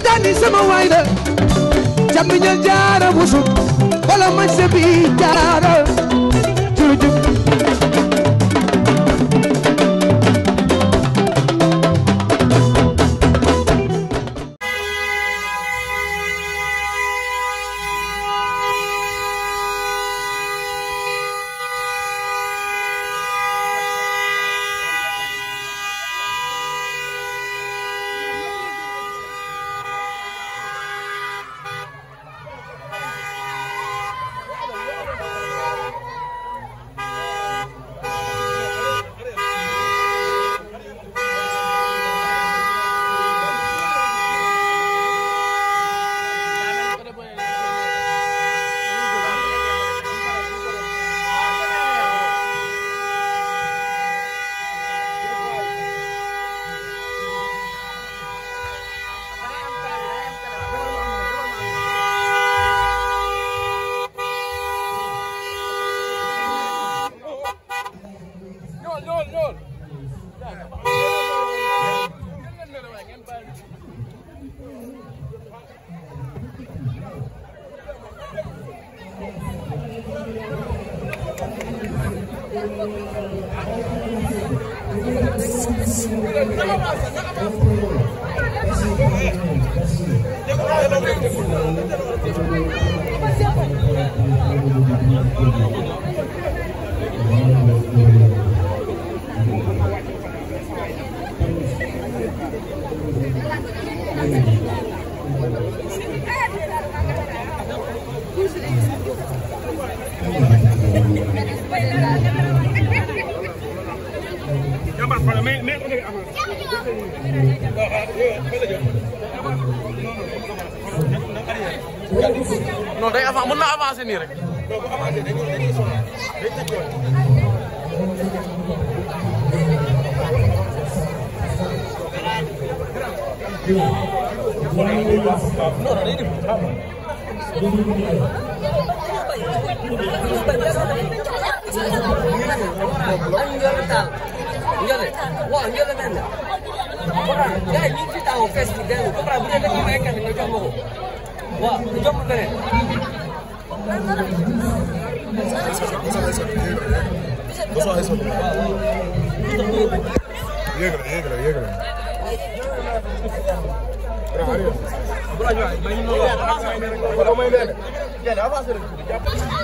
tijani sama waay la jàmm ñal jaara busuk wala ma sebi jaara Gracias. mais mais oto bi avance. non day avancé mën na avancé nii rek. non ngele waaw ngele mel na comprendre gars yi ñu fi taxaw fees bi dellu comprendre bu dee da nga may kenn nga jox ma ko waaw nga jox ma beneen yéeg la yéeg la yéeg la bravo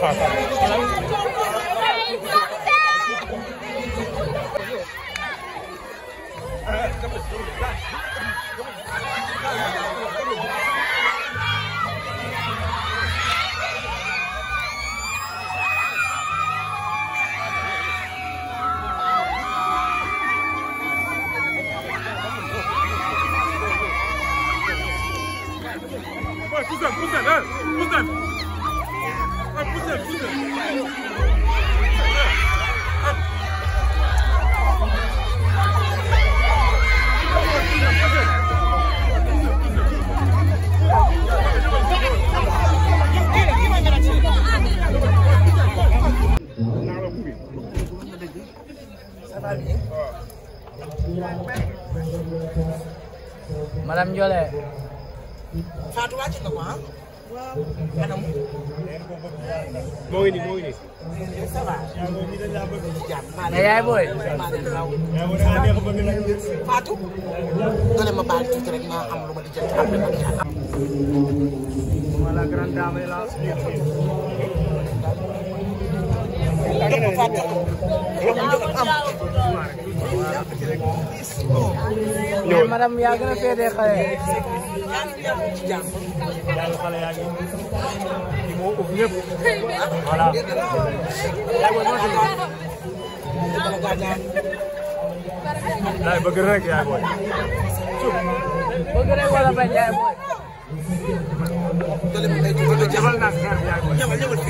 Muslim, Muslim, Muslim. madame Ndiolé. Fatou wàcc nga ko ah. maanaam. moo ngi moo ngi nii. ça va. mais yaay booy. Fatou. nga ne ma baal tuuti rek ma am lu ma di jënd am lu ma di grande dame dëpp fàtte am madame yaa gën a féetee xale yaay bëgg rek yaay booy bëgg rek wala bañ yaay booy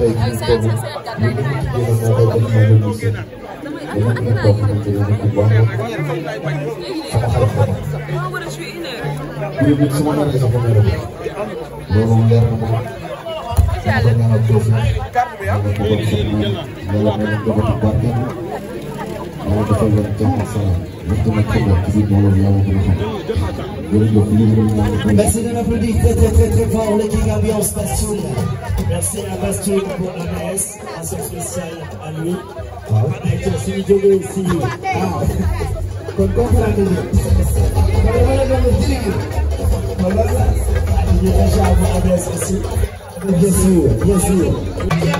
tey ñun boobu ñun ñu ngi ci génn moo koy def moo koy gis ñun ñu ngi koo xamante ne bu baax la sama xarit la ko. kii bi sama naan la sax moom la ko loolu leer na moom dama ko ñaanal jooju dama ko bëggoon sax moom yàlla may na jëbatu barkeem yàlla defal leen jàmm ak salaam ndax dama tënk ak kii bi moom la yàlla dina xam jërëjëf lii moom moo ngi koy. merci de l'applaudir très très très très fort l'équipe ambiance Bastion. merci à Bastion pour ABS mention spéciale à lui. waaw ak suñu jógee aussi. waaw kon kooku laa déglu. kon dama la doon déglu. kon loolu la. ñu ngi déjà am ABS aussi. bien sûr bien sûr.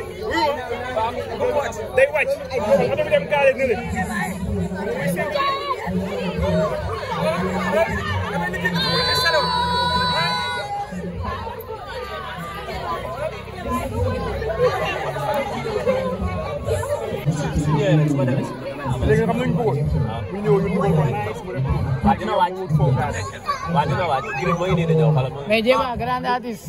wuyoo dafa wàcc day wàcc oto bi dem gaale nële léegi xam nañ bëggoon bu ñëw ñu dugal ko waa dina wàcc waa dina wàcc mais jéem a grand artiste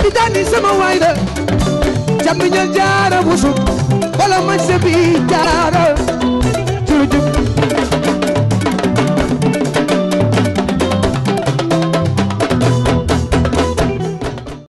Tijani sama waay la jàmm ñal jaara busuk wala ma sebi jaara